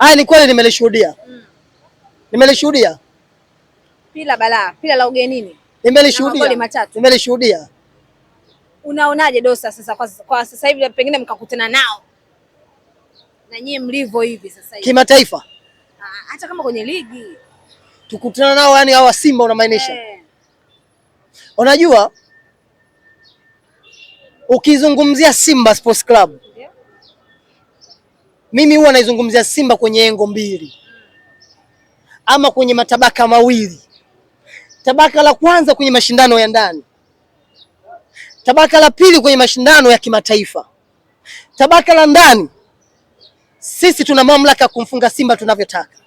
Haya ni kweli, nimelishuhudia mm. Nimelishuhudia pila balaa, pila la ugenini, nimelishuhudia, nimelishuhudia. Unaonaje Dosa sasa kwa, kwa sasa hivi pengine mkakutana nao na nyie mlivyo hivi sasa hivi kimataifa, ah, hata kama kwenye ligi tukutana nao, yani hawa Simba unamaanisha eh. Unajua ukizungumzia Simba Sports Club mimi huwa naizungumzia Simba kwenye engo mbili ama kwenye matabaka mawili. Tabaka la kwanza kwenye mashindano ya ndani, tabaka la pili kwenye mashindano ya kimataifa. Tabaka la ndani, sisi tuna mamlaka ya kumfunga Simba tunavyotaka,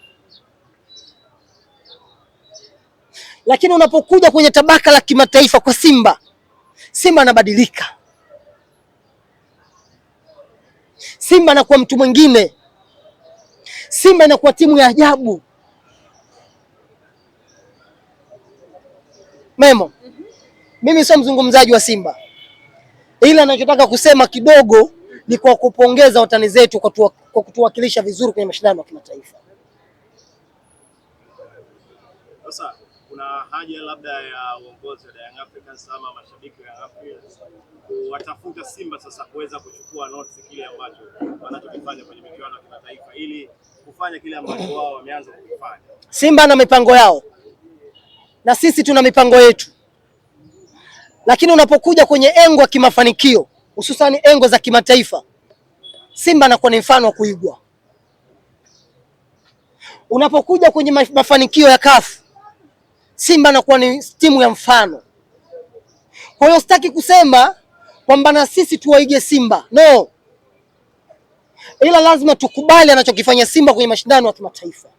lakini unapokuja kwenye tabaka la kimataifa kwa Simba, Simba anabadilika. Simba anakuwa mtu mwingine, Simba inakuwa timu ya ajabu memo. Mimi sio mzungumzaji wa Simba, ila anachotaka kusema kidogo ni kwa kupongeza watani zetu kwa kutuwakilisha vizuri kwenye mashindano ya kimataifa kuna haja labda ya uongozi wa Young Africans ama mashabiki wa Young Africans kuwatafuta Simba sasa kuweza kuchukua notisi kile ambacho wanachokifanya kwenye michuano ya kimataifa ili kufanya kile ambacho wao wameanza kukifanya. Simba na mipango yao na sisi tuna mipango yetu, lakini unapokuja kwenye engo ya kimafanikio hususani engo za kimataifa, Simba anakuwa ni mfano wa kuigwa. Unapokuja kwenye mafanikio ya kafu Simba anakuwa ni timu ya mfano. Kwa hiyo sitaki kusema kwamba na sisi tuwaige Simba, no, ila lazima tukubali anachokifanya Simba kwenye mashindano ya kimataifa.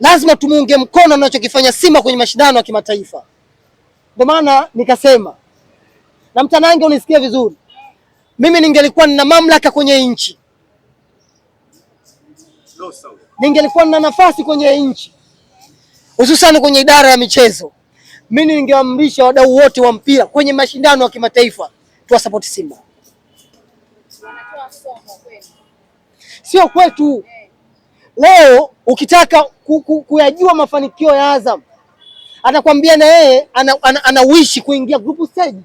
Lazima tumuunge mkono anachokifanya Simba kwenye mashindano ya kimataifa. Ndio maana nikasema, na mtanange, unisikie vizuri, mimi ningelikuwa nina mamlaka kwenye nchi no, ningelikuwa na nafasi kwenye nchi, hususani kwenye idara ya michezo, mimi ningewaamrisha wadau wote wa mpira kwenye mashindano ya kimataifa tuwasapoti Simba, sio kwetu. Leo ukitaka kuyajua mafanikio ya Azam atakwambia na yeye anawishi ana, ana kuingia group stage.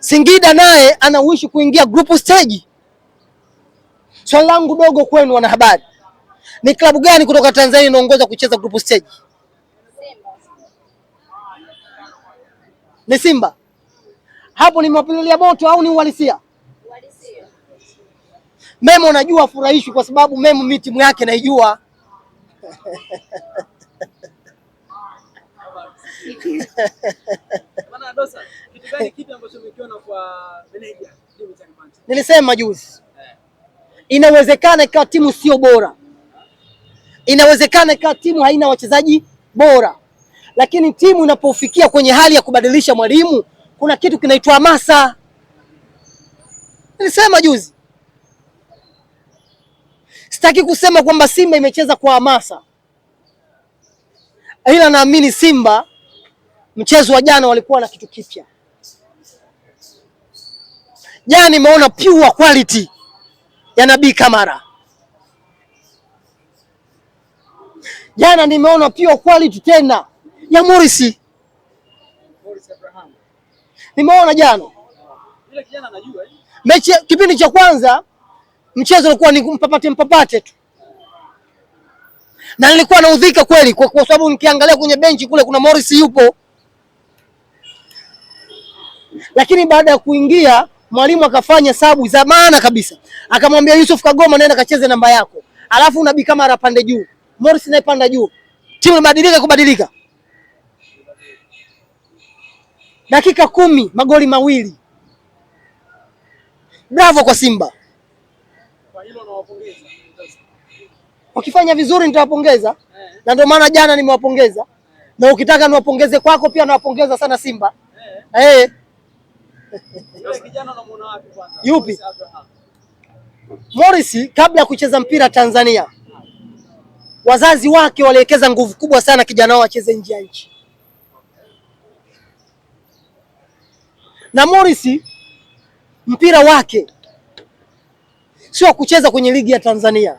Singida naye anawishi kuingia group stage. Swali langu dogo kwenu wanahabari, ni klabu gani kutoka Tanzania inaongoza kucheza group stage? Ni Simba. Hapo nimewapililia moto au ni uhalisia? Memo najua furahishi kwa sababu Memo mi timu yake naijua. Nilisema juzi Inawezekana ikawa timu sio bora, inawezekana ikawa timu haina wachezaji bora, lakini timu inapofikia kwenye hali ya kubadilisha mwalimu, kuna kitu kinaitwa hamasa. Nilisema juzi, sitaki kusema kwamba Simba imecheza kwa hamasa, ila naamini Simba mchezo wa jana walikuwa na kitu kipya. Jana nimeona pure quality ya Nabii Kamara. Jana nimeona pia quality tena ya Morris. Nimeona jana. Yule kijana eh? Mechi kipindi cha kwanza mchezo ulikuwa ni mpapate mpapate tu. Na nilikuwa naudhika kweli kwa, kwa sababu nikiangalia kwenye benchi kule kuna Morris yupo. Lakini baada ya kuingia mwalimu akafanya sabu za maana kabisa, akamwambia Yusuf Kagoma, nenda kacheze namba yako, alafu unabii kama anapanda juu, Morris naye panda juu, timu imebadilika kubadilika. Dakika kumi magoli mawili, bravo kwa Simba. wakifanya vizuri nitawapongeza na ndio maana jana nimewapongeza na ukitaka niwapongeze kwako pia nawapongeza sana Simba eh. Hey. Eh. Yupi? Morris kabla ya kucheza mpira Tanzania, wazazi wake waliwekeza nguvu kubwa sana kijana wao acheze nje ya nchi, na Morris mpira wake sio kucheza kwenye ligi ya Tanzania.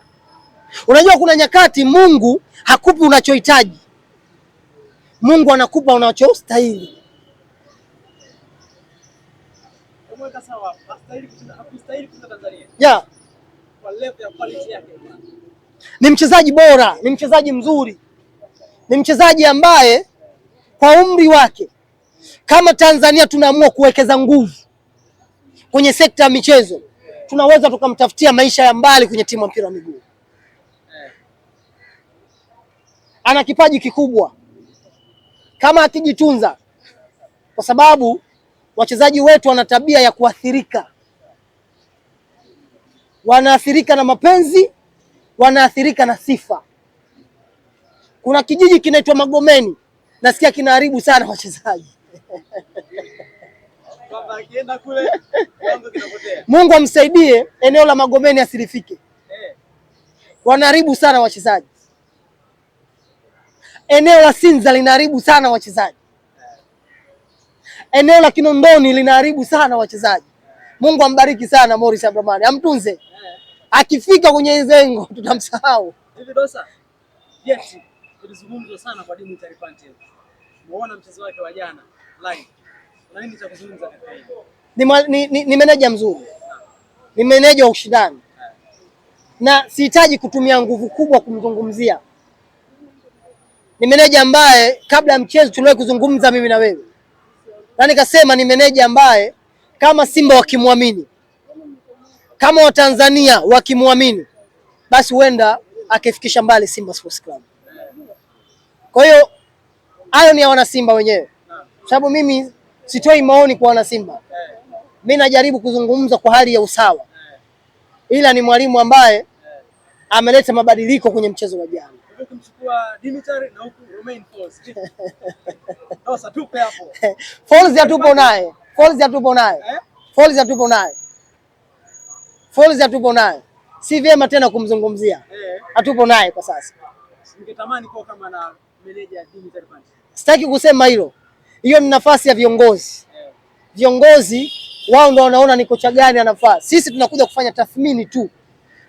Unajua, kuna nyakati Mungu hakupi unachohitaji, Mungu anakupa unachostahili. kuweka sawa, hakustahili kucheza Tanzania. Yeah. Kwa level ya quality yake. Ni mchezaji bora, ni mchezaji mzuri, ni mchezaji ambaye kwa umri wake, kama Tanzania tunaamua kuwekeza nguvu kwenye sekta ya michezo, tunaweza tukamtafutia maisha ya mbali kwenye timu ya mpira wa miguu. Ana kipaji kikubwa kama akijitunza, kwa sababu wachezaji wetu wana tabia ya kuathirika, wanaathirika na mapenzi, wanaathirika na sifa. Kuna kijiji kinaitwa Magomeni, nasikia kinaharibu sana wachezaji Mungu amsaidie, eneo la Magomeni asilifike, wanaharibu sana wachezaji. Eneo la Sinza linaharibu sana wachezaji eneo la Kinondoni linaharibu sana wachezaji. Mungu ambariki sana Morris Abramani, amtunze. Akifika kwenye zengo tutamsahau. Ni, ni, ni, ni meneja mzuri, ni meneja wa ushindani na sihitaji kutumia nguvu kubwa kumzungumzia. Ni meneja ambaye kabla ya mchezo tuliwahi kuzungumza mimi na wewe na nikasema ni meneja ambaye kama Simba wakimwamini, kama Watanzania wakimwamini, basi huenda akifikisha mbali Simba Sports Club. Kwa hiyo hayo ni ya wanasimba wenyewe, sababu mimi sitoi maoni kwa wanasimba. Mimi najaribu kuzungumza kwa hali ya usawa, ila ni mwalimu ambaye ameleta mabadiliko kwenye mchezo wa jana kumchukua Dimitar na huku Romain Falls. Folz. Sasa tupe hapo. Falls ya tupo naye. Falls ya tupo naye. Eh? Falls ya tupo naye. Falls ya tupo naye. Si vyema tena kumzungumzia. Eh. Hatupo naye kwa sasa. Ningetamani kwa kama na meneja Dimitar Pantev. Sitaki kusema hilo. Hiyo ni nafasi ya viongozi. Eh. Viongozi wao ndio wanaona ni kocha gani anafaa. Sisi tunakuja kufanya tathmini tu,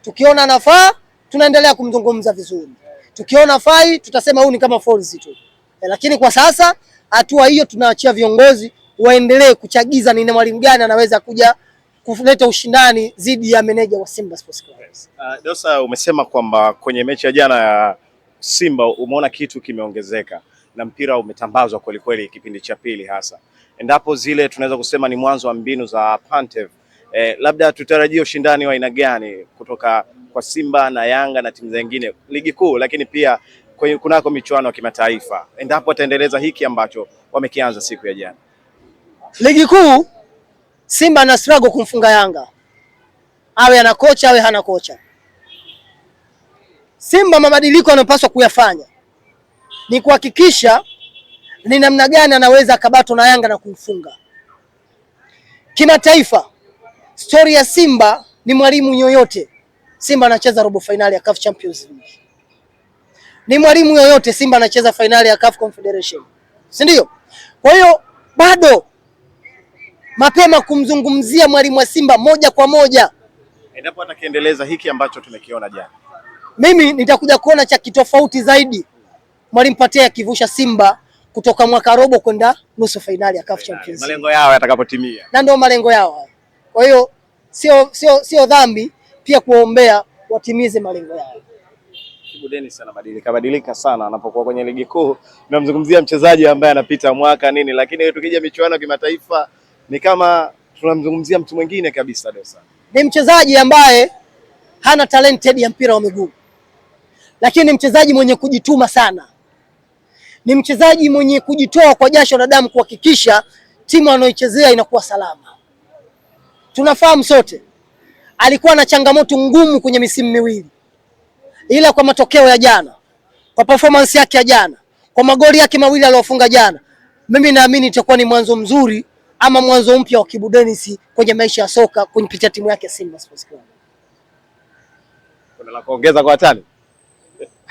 tukiona anafaa tunaendelea kumzungumza vizuri. Tukiona fai tutasema huu ni kama falls tu e, lakini kwa sasa hatua hiyo tunaachia viongozi waendelee kuchagiza ni mwalimu gani anaweza kuja kuleta ushindani dhidi ya meneja wa Simba Sports Club. Uh, Dosa, umesema kwamba kwenye mechi ya jana ya Simba umeona kitu kimeongezeka na mpira umetambazwa kweli kweli kipindi cha pili hasa, endapo zile tunaweza kusema ni mwanzo wa mbinu za Pantev. Eh, labda tutarajie ushindani wa aina gani kutoka kwa Simba na Yanga na timu zingine ligi kuu, lakini pia kunako michuano ya kimataifa, endapo wataendeleza hiki ambacho wamekianza siku ya jana. Ligi kuu Simba ana struggle kumfunga Yanga, awe ana kocha awe hana kocha. Simba mabadiliko anayopaswa kuyafanya ni kuhakikisha ni namna gani anaweza akabatwa na Yanga na kumfunga. Kimataifa, stori ya Simba ni mwalimu yoyote Simba anacheza robo fainali ya CAF Champions League. Ni mwalimu yoyote Simba anacheza fainali ya CAF Confederation. Si ndio? Kwa hiyo bado mapema kumzungumzia mwalimu wa Simba moja kwa moja endapo atakiendeleza hiki ambacho tumekiona jana. Mimi nitakuja kuona cha kitofauti zaidi mwalimu Patea akivusha Simba kutoka mwaka robo kwenda nusu fainali ya CAF Champions League. Malengo yao yatakapotimia. Na ndio malengo yao. Kwa hiyo sio sio sio dhambi pia kuwaombea watimize malengo yao. Denis anabadilika badilika sana anapokuwa kwenye ligi kuu. Tunamzungumzia mchezaji ambaye anapita mwaka nini, lakini tukija michuano ya kimataifa ni kama tunamzungumzia mtu mwingine kabisa. Dosa ni mchezaji ambaye hana talented ya mpira wa miguu, lakini ni mchezaji mwenye kujituma sana, ni mchezaji mwenye kujitoa kwa jasho na damu kuhakikisha timu anayoichezea inakuwa salama. Tunafahamu sote alikuwa na changamoto ngumu kwenye misimu miwili, ila kwa matokeo ya jana, kwa performance yake ya jana, kwa magoli yake mawili aliyofunga jana, mimi naamini itakuwa ni mwanzo mzuri ama mwanzo mpya wa Kibu Denis kwenye maisha ya soka kupitia timu yake Simba Sports Club. Kuna la kuongeza kwa watani?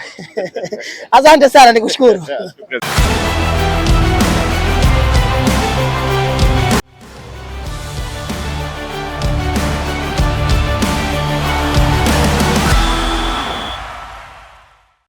Asante sana, nikushukuru.